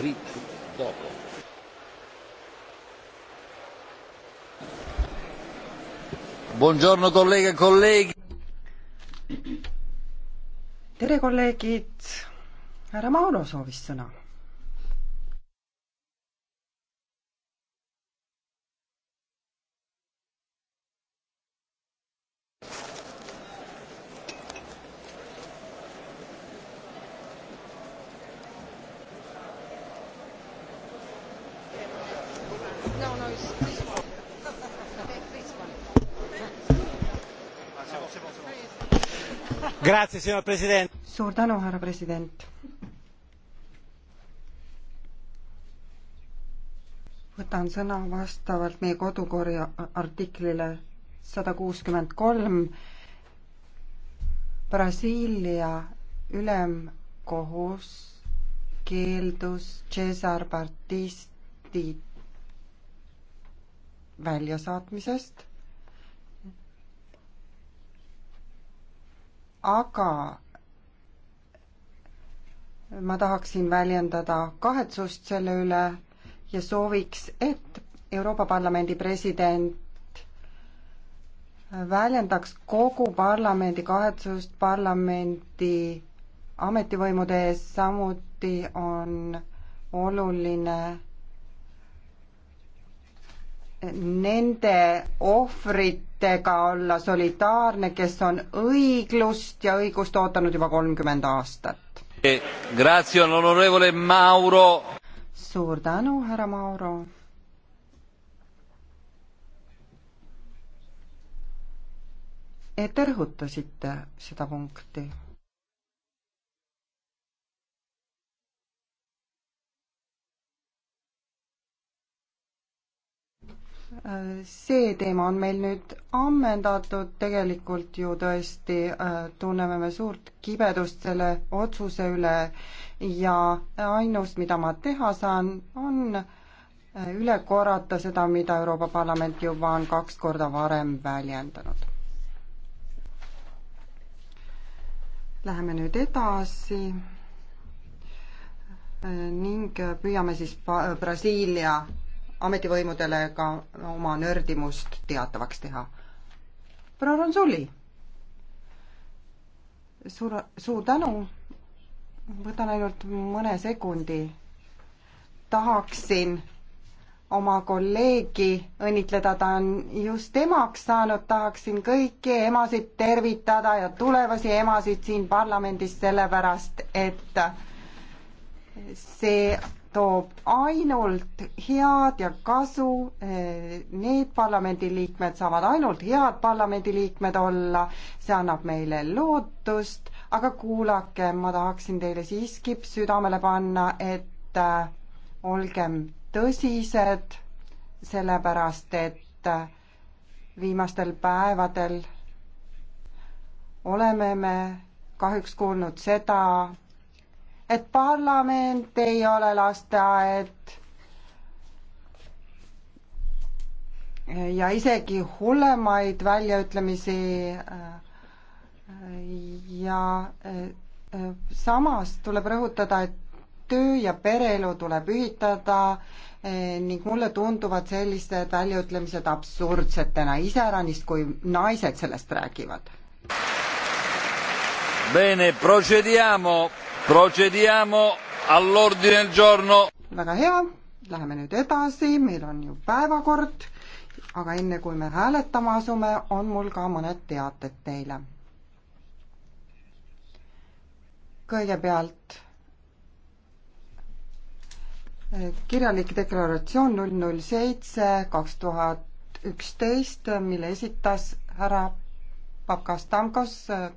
Fritz dopo. Buongiorno kolleeg ja e kolleeg. tere, kolleegid. härra Mauro soovis sõna No, no, it's this one. This one. Grazie, signor president. suur tänu, härra president. võtan sõna vastavalt meie kodukorja artiklile sada kuuskümmend kolm. Brasiilia ülemkohus keeldus Cesar Battisti väljasaatmisest. aga ma tahaksin väljendada kahetsust selle üle ja sooviks, et Euroopa Parlamendi president väljendaks kogu parlamendi kahetsust parlamendi ametivõimude ees, samuti on oluline nende ohvritega olla solidaarne, kes on õiglust ja õigust ootanud juba kolmkümmend aastat. suur tänu, härra Mauro. et te rõhutasite seda punkti see teema on meil nüüd ammendatud, tegelikult ju tõesti äh, tunneme me suurt kibedust selle otsuse üle ja ainus, mida ma teha saan, on äh, üle korrata seda, mida Euroopa Parlament juba on kaks korda varem väljendanud. Läheme nüüd edasi äh, ning püüame siis Brasiilia ametivõimudele ka oma nördimust teatavaks teha. proua Ronsuli, suur, suur tänu, võtan ainult mõne sekundi, tahaksin oma kolleegi õnnitleda, ta on just emaks saanud, tahaksin kõiki emasid tervitada ja tulevasi emasid siin parlamendis, sellepärast et see toob ainult head ja kasu, eh, need parlamendiliikmed saavad ainult head parlamendiliikmed olla, see annab meile lootust, aga kuulake, ma tahaksin teile siiski südamele panna, et eh, olgem tõsised, sellepärast et eh, viimastel päevadel oleme me kahjuks kuulnud seda, et parlament ei ole lasteaed. ja isegi hullemaid väljaütlemisi äh, ja äh, samas tuleb rõhutada, et töö ja pereelu tuleb ühitada äh, ning mulle tunduvad sellised väljaütlemised absurdsetena, iseäranis, kui naised sellest räägivad. Bene, procediamo Procediamo all'ordine del giorno. väga hea, läheme nüüd edasi, meil on ju päevakord, aga enne kui me hääletama asume, on mul ka mõned teated teile. kõigepealt eh, kirjalik deklaratsioon null null seitse kaks tuhat üksteist, mille esitas härra Papastamkos eh,